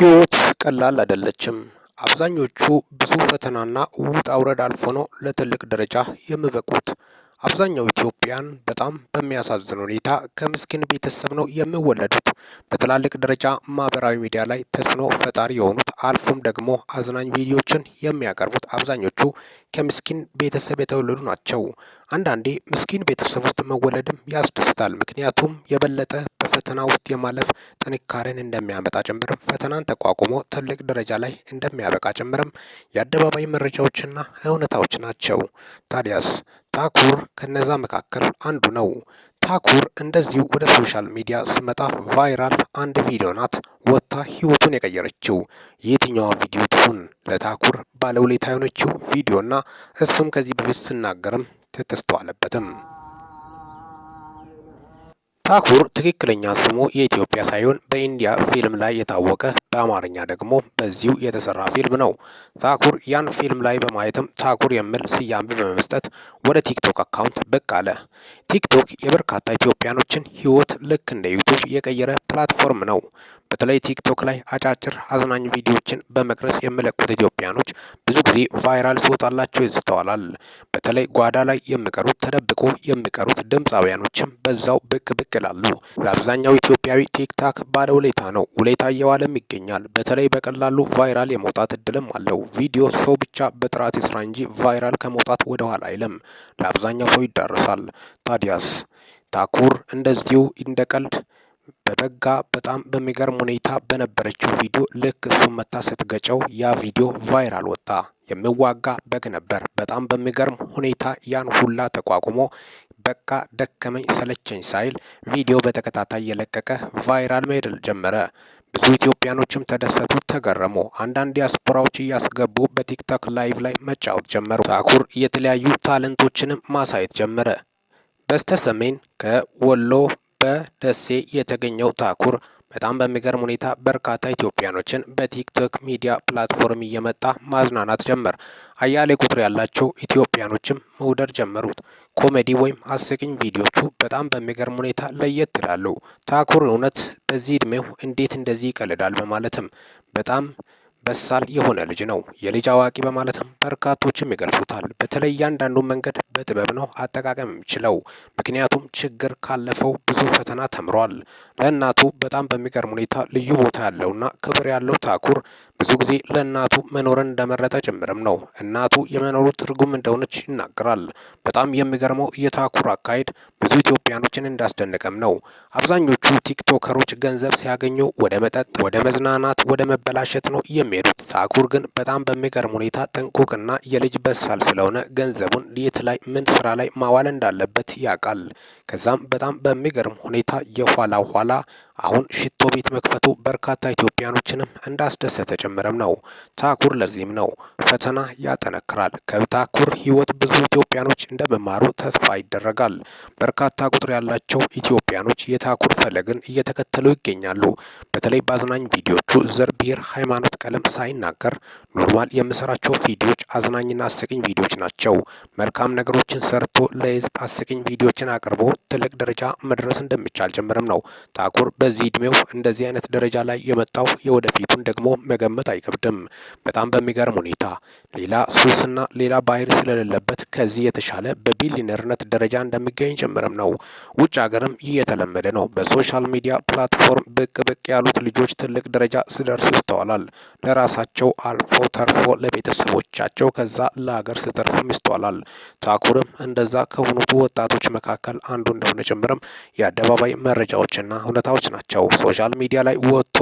ሕይወት ቀላል አይደለችም። አብዛኞቹ ብዙ ፈተናና ውጣ ውረድ አልፎ ነው ለትልቅ ደረጃ የሚበቁት። አብዛኛው ኢትዮጵያን በጣም በሚያሳዝን ሁኔታ ከምስኪን ቤተሰብ ነው የሚወለዱት። በትላልቅ ደረጃ ማህበራዊ ሚዲያ ላይ ተጽዕኖ ፈጣሪ የሆኑት አልፎም ደግሞ አዝናኝ ቪዲዮዎችን የሚያቀርቡት አብዛኞቹ ከምስኪን ቤተሰብ የተወለዱ ናቸው። አንዳንዴ ምስኪን ቤተሰብ ውስጥ መወለድም ያስደስታል። ምክንያቱም የበለጠ በፈተና ውስጥ የማለፍ ጥንካሬን እንደሚያመጣ ጭምርም ፈተናን ተቋቁሞ ትልቅ ደረጃ ላይ እንደሚያበቃ ጭምርም የአደባባይ መረጃዎችና እውነታዎች ናቸው። ታዲያስ ታኩር ከነዛ መካከል አንዱ ነው። ታኩር እንደዚሁ ወደ ሶሻል ሚዲያ ስመጣ ቫይራል አንድ ቪዲዮ ናት ወጥታ ህይወቱን የቀየረችው። የትኛዋ ቪዲዮ ትሁን ለታኩር ባለውለታ የሆነችው ቪዲዮና እሱም ከዚህ በፊት ስናገርም ትተስተዋለበትም ታኩር ትክክለኛ ስሙ የኢትዮጵያ ሳይሆን በኢንዲያ ፊልም ላይ የታወቀ በአማርኛ ደግሞ በዚሁ የተሰራ ፊልም ነው። ታኩር ያን ፊልም ላይ በማየትም ታኩር የሚል ስያሜ በመስጠት ወደ ቲክቶክ አካውንት ብቅ አለ። ቲክቶክ የበርካታ ኢትዮጵያኖችን ሕይወት ልክ እንደ ዩቱብ የቀየረ ፕላትፎርም ነው። በተለይ ቲክቶክ ላይ አጫጭር አዝናኝ ቪዲዮዎችን በመቅረጽ የሚለቁት ኢትዮጵያኖች ብዙ ጊዜ ቫይራል ሲወጣላቸው ይስተዋላል። በተለይ ጓዳ ላይ የሚቀሩት ተደብቆ የሚቀሩት ድምፃውያኖችም በዛው ብቅ ብቅ ይላሉ። ለአብዛኛው ኢትዮጵያዊ ቲክታክ ባለ ውለታ ነው። ውለታ እየዋለም ይገኛል። በተለይ በቀላሉ ቫይራል የመውጣት እድልም አለው። ቪዲዮ ሰው ብቻ በጥራት ይስራ እንጂ ቫይራል ከመውጣት ወደ ኋላ አይለም። ለአብዛኛው ሰው ይዳረሳል። ታዲያስ ታኩር እንደዚሁ እንደ ቀልድ በበጋ በጣም በሚገርም ሁኔታ በነበረችው ቪዲዮ ልክ እሱን መታ ስትገጨው ያ ቪዲዮ ቫይራል ወጣ። የሚዋጋ በግ ነበር። በጣም በሚገርም ሁኔታ ያን ሁላ ተቋቁሞ በቃ ደከመኝ ሰለቸኝ ሳይል ቪዲዮ በተከታታይ የለቀቀ ቫይራል መሄድ ጀመረ። ብዙ ኢትዮጵያኖችም ተደሰቱ፣ ተገረሙ። አንዳንድ ዲያስፖራዎች እያስገቡ በቲክቶክ ላይቭ ላይ መጫወት ጀመሩ። ታኩር የተለያዩ ታለንቶችንም ማሳየት ጀመረ። በስተ ሰሜን ከወሎ በደሴ የተገኘው ታኩር በጣም በሚገርም ሁኔታ በርካታ ኢትዮጵያኖችን በቲክቶክ ሚዲያ ፕላትፎርም እየመጣ ማዝናናት ጀመር። አያሌ ቁጥር ያላቸው ኢትዮጵያኖችም መውደድ ጀመሩት። ኮሜዲ ወይም አስቂኝ ቪዲዮቹ በጣም በሚገርም ሁኔታ ለየት ይላሉ። ታኩር እውነት በዚህ እድሜው እንዴት እንደዚህ ይቀልዳል በማለትም በጣም በሳል የሆነ ልጅ ነው። የልጅ አዋቂ በማለትም በርካቶችም ይገልጹታል። በተለይ እያንዳንዱ መንገድ በጥበብ ነው አጠቃቀም የሚችለው። ምክንያቱም ችግር ካለፈው ብዙ ፈተና ተምሯል። ለእናቱ በጣም በሚገርም ሁኔታ ልዩ ቦታ ያለውና ክብር ያለው ታኩር ብዙ ጊዜ ለእናቱ መኖርን እንደመረጠ ጭምርም ነው። እናቱ የመኖሩ ትርጉም እንደሆነች ይናገራል። በጣም የሚገርመው የታኩር አካሄድ ብዙ ኢትዮጵያኖችን እንዳስደነቀም ነው። አብዛኞቹ ቲክቶከሮች ገንዘብ ሲያገኙ ወደ መጠጥ፣ ወደ መዝናናት፣ ወደ መበላሸት ነው የሚሄዱት። ታኩር ግን በጣም በሚገርም ሁኔታ ጥንቁቅና የልጅ በሳል ስለሆነ ገንዘቡን የት ላይ ምን ስራ ላይ ማዋል እንዳለበት ያውቃል። ከዛም በጣም በሚገርም ሁኔታ የኋላ ኋላ አሁን ሽቶ ቤት መክፈቱ በርካታ ኢትዮጵያኖችንም እንዳስደሰተ ጭምርም ነው። ታኩር ለዚህም ነው ፈተና ያጠነክራል። ከታኩር ህይወት ብዙ ኢትዮጵያኖች እንደመማሩ ተስፋ ይደረጋል። በርካታ ቁጥር ያላቸው ኢትዮጵያኖች የታኩር ፈለግን እየተከተሉ ይገኛሉ። በተለይ በአዝናኝ ቪዲዮቹ ዘር፣ ብሔር፣ ሃይማኖት፣ ቀለም ሳይናገር ኖርማል የምሰራቸው ቪዲዮች አዝናኝና አስቂኝ ቪዲዮች ናቸው። መልካም ነገሮችን ሰርቶ ለህዝብ አስቂኝ ቪዲዮችን አቅርቦ ትልቅ ደረጃ መድረስ እንደሚቻል ጭምርም ነው ታኩር በዚህ እድሜው እንደዚህ አይነት ደረጃ ላይ የመጣው የወደፊቱን ደግሞ መገመት አይከብድም። በጣም በሚገርም ሁኔታ ሌላ ሱስና ሌላ ባህሪ ስለሌለበት ከዚህ የተሻለ በቢሊነርነት ደረጃ እንደሚገኝ ጭምርም ነው። ውጭ ሀገርም ይህ የተለመደ ነው። በሶሻል ሚዲያ ፕላትፎርም ብቅ ብቅ ያሉት ልጆች ትልቅ ደረጃ ሲደርሱ ይስተዋላል። ለራሳቸው አልፎ ተርፎ ለቤተሰቦቻቸው ከዛ ለሀገር ሲተርፉም ይስተዋላል። ታኩርም እንደዛ ከሆኑት ወጣቶች መካከል አንዱ እንደሆነ ጭምርም የአደባባይ መረጃዎችና ሁኔታዎች ናቸው። ናቸው። ሶሻል ሚዲያ ላይ ወጥቶ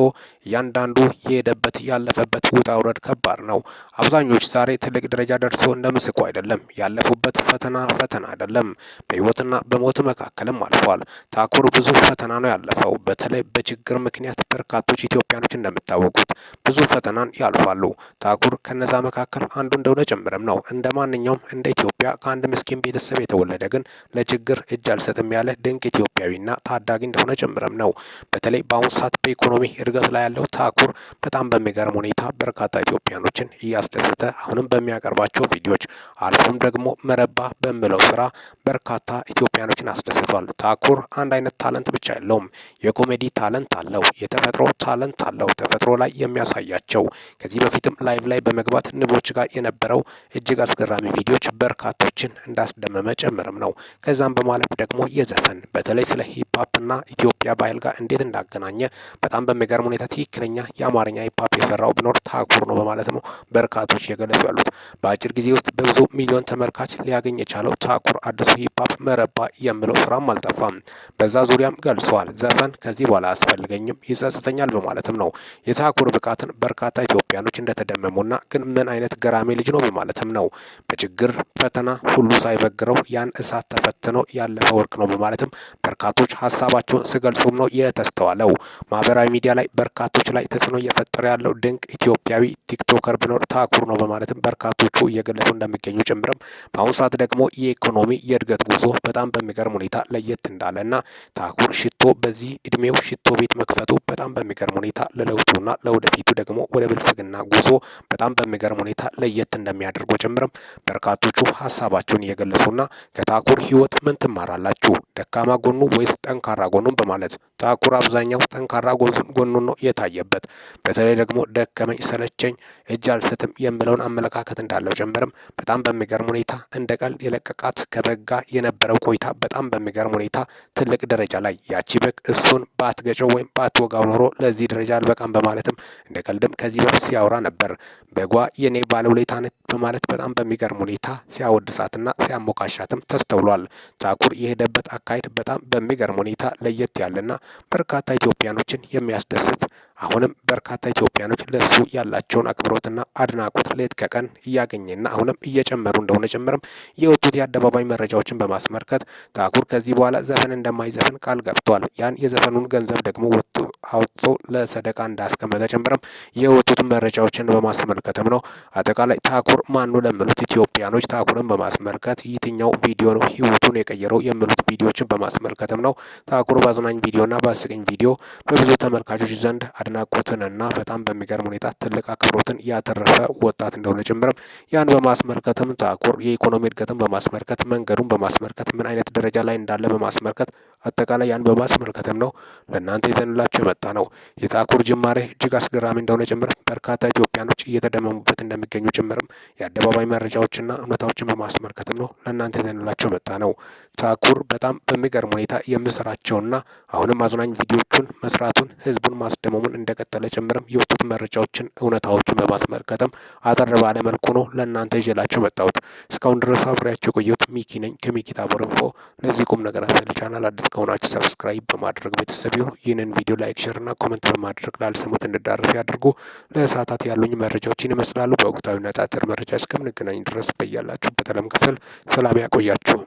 እያንዳንዱ የሄደበት ያለፈበት ውጣ ውረድ ከባድ ነው። አብዛኞች ዛሬ ትልቅ ደረጃ ደርሶ እንደ ምስኩ አይደለም። ያለፉበት ፈተና ፈተና አይደለም። በህይወትና በሞት መካከልም አልፏል። ታኩር ብዙ ፈተና ነው ያለፈው። በተለይ በችግር ምክንያት በርካቶች ኢትዮጵያኖች እንደምታወቁት ብዙ ፈተናን ያልፋሉ። ታኩር ከነዛ መካከል አንዱ እንደሆነ ጭምርም ነው። እንደ ማንኛውም እንደ ኢትዮጵያ ከአንድ ምስኪን ቤተሰብ የተወለደ ግን ለችግር እጅ አልሰጥም ያለ ድንቅ ኢትዮጵያዊና ታዳጊ እንደሆነ ጭምርም ነው። በተለይ በአሁኑ ሰዓት በኢኮኖሚ እድገት ላይ ያለው ታኩር በጣም በሚገርም ሁኔታ በርካታ ኢትዮጵያኖችን እያስደሰተ አሁንም በሚያቀርባቸው ቪዲዮዎች አልፎም ደግሞ መረባ በሚለው ስራ በርካታ ኢትዮጵያኖችን አስደስቷል። ታኩር አንድ አይነት ታለንት ብቻ የለውም። የኮሜዲ ታለንት አለው፣ የተፈጥሮ ታለንት አለው። ተፈጥሮ ላይ የሚያሳያቸው ከዚህ በፊትም ላይቭ ላይ በመግባት ንቦች ጋር የነበረው እጅግ አስገራሚ ቪዲዮዎች በርካቶችን እንዳስደመመ ጭምርም ነው። ከዛም በማለፍ ደግሞ የዘፈን በተለይ ስለ ሂፓፕና ኢትዮጵያ ባህል ጋር እንዴት እንዳገናኘ በጣም በሚገርም ሁኔታ ትክክለኛ የአማርኛ ሂፓፕ የሰራው ቢኖር ታኩር ነው በማለት ነው በርካቶች የገለጹ ያሉት። በአጭር ጊዜ ውስጥ በብዙ ሚሊዮን ተመልካች ሊያገኝ የቻለው ታኩር አዲሱ ሂፓፕ መረባ የሚለው ስራም አልጠፋም። በዛ ዙሪያም ገልጸዋል። ዘፈን ከዚህ በኋላ አያስፈልገኝም፣ ይጸጽተኛል በማለትም ነው የታኩር ብቃትን በርካታ ኢትዮጵያኖች እንደተደመሙና ግን ምን አይነት ገራሚ ልጅ ነው በማለትም ነው በችግር ፈተና ሁሉ ሳይበግረው ያን እሳት ተፈትኖ ያለፈ ወርቅ ነው በማለትም በርካቶች ሀሳባቸውን ስገልጹም ነው የተስተዋለው። ማህበራዊ ሚዲያ ላይ በርካቶች ላይ ተጽዕኖ እየፈጠረ ያለው ድንቅ ኢትዮጵያዊ ቲክቶከር ቢኖር ታኩር ነው በማለትም በርካቶቹ እየገለጹ እንደሚገኙ ጭምርም በአሁኑ ሰዓት ደግሞ የኢኮኖሚ የእድገት ጉዞ በጣም በሚገርም ሁኔታ ለየት እንዳለ እና ታኩር ሽቶ በዚህ እድሜው ሽቶ ቤት መክፈቱ በጣም በሚገርም ሁኔታ ለለውጡና ለወደፊቱ ደግሞ ወደ ብልጽግና ጉዞ በጣም በሚገርም ሁኔታ ለየት እንደሚያደርጉ ጭምርም በርካቶቹ ሀሳባቸውን እየገለጹና ከታኩር ህይወት ምን ትማራላችሁ? ደካማ ጎኑ ወይስ ጠንካራ ጎኑን በማለት ታኩር አብዛኛው ጠንካራ ጎኑን ነው የታየበት። በተለይ ደግሞ ደከመኝ ሰለቸኝ እጅ አልሰትም የምለውን አመለካከት እንዳለው ጀምርም በጣም በሚገርም ሁኔታ እንደ ቀልድ የለቀቃት ከበጋ የነበረው ቆይታ በጣም በሚገርም ሁኔታ ትልቅ ደረጃ ላይ ያቺ በግ እሱን ባትገጨው ወይም ባትወጋው ኖሮ ለዚህ ደረጃ አልበቃም በማለትም እንደ ቀልድም ከዚህ በፊት ሲያወራ ነበር። በጓ የኔ ባለውለታ ነች በማለት በጣም በሚገርም ሁኔታ ሲያወድሳትና ሲያሞካሻትም ተስተውሏል። ታኩር የሄደበት አካሄድ በጣም በሚገርም ሁኔታ ለየት ያለና በርካታ ኢትዮጵያኖችን የሚያስደስት አሁንም በርካታ ኢትዮጵያኖች ለሱ ያላቸውን አክብሮትና አድናቆት ሌት ከቀን እያገኘና አሁንም እየጨመሩ እንደሆነ ጭምርም የወጡት የአደባባይ መረጃዎችን በማስመልከት ታኩር ከዚህ በኋላ ዘፈን እንደማይዘፍን ቃል ገብቷል። ያን የዘፈኑን ገንዘብ ደግሞ ወጡ አውጥቶ ለሰደቃ እንዳስቀመጠ ጭምርም የወጡት መረጃዎችን በማስመልከትም ነው። አጠቃላይ ታኩር ማኑ ለምሉት ኢትዮጵያኖች ታኩርን በማስመልከት የትኛው ቪዲዮ ነው ህይወቱን የቀየረው የምሉት ቪዲዮዎችን በማስመልከትም ነው። ታኩር በአዝናኝ ቪዲዮና በአስቂኝ ቪዲዮ በብዙ ተመልካቾች ዘንድ አድናቆትንና በጣም በሚገርም ሁኔታ ትልቅ አክብሮትን ያተረፈ ወጣት እንደሆነ ጭምርም ያን በማስመልከትም ታኩር የኢኮኖሚ እድገትን በማስመልከት መንገዱን በማስመልከት ምን አይነት ደረጃ ላይ እንዳለ በማስመልከት አጠቃላይ ያን በማስመልከትም ነው ለእናንተ ይዘንላቸው የመጣ ነው። የታኩር ጅማሬ እጅግ አስገራሚ እንደሆነ ጭምር በርካታ ኢትዮጵያኖች እየተደመሙበት እንደሚገኙ ጭምርም የአደባባይ መረጃዎችና እውነታዎችን በማስመልከትም ነው ለእናንተ ይዘንላቸው የመጣ ነው። ታኩር በጣም በሚገርም ሁኔታ የምሰራቸውና አሁንም አዝናኝ ቪዲዮቹን መስራቱን ህዝቡን ማስደመሙን እንደቀጠለ ጭምርም የወጡት መረጃዎችን እውነታዎችን በማስመልከትም አጠር ባለ መልኩ ነው ለእናንተ ይዤላቸው መጣሁት። እስካሁን ድረስ አብሬያቸው የቆየሁት ሚኪ ነኝ ከሚኪ ታቦር ኢንፎ። ለዚህ ቁም ነገር አዘል ቻናል አዲስ ከሆናችሁ ሰብስክራይብ በማድረግ ቤተሰብ ይሁኑ። ይህንን ቪዲዮ ላይክ፣ ሼር እና ኮመንት በማድረግ ላልሰሙት እንዳደረስ ያድርጉ። ለሰዓታት ያሉኝ መረጃዎችን ይመስላሉ። በወቅታዊ ነጣጥር መረጃ እስከምንገናኝ ድረስ በያላችሁበት ዓለም ክፍል ሰላም ያቆያችሁ።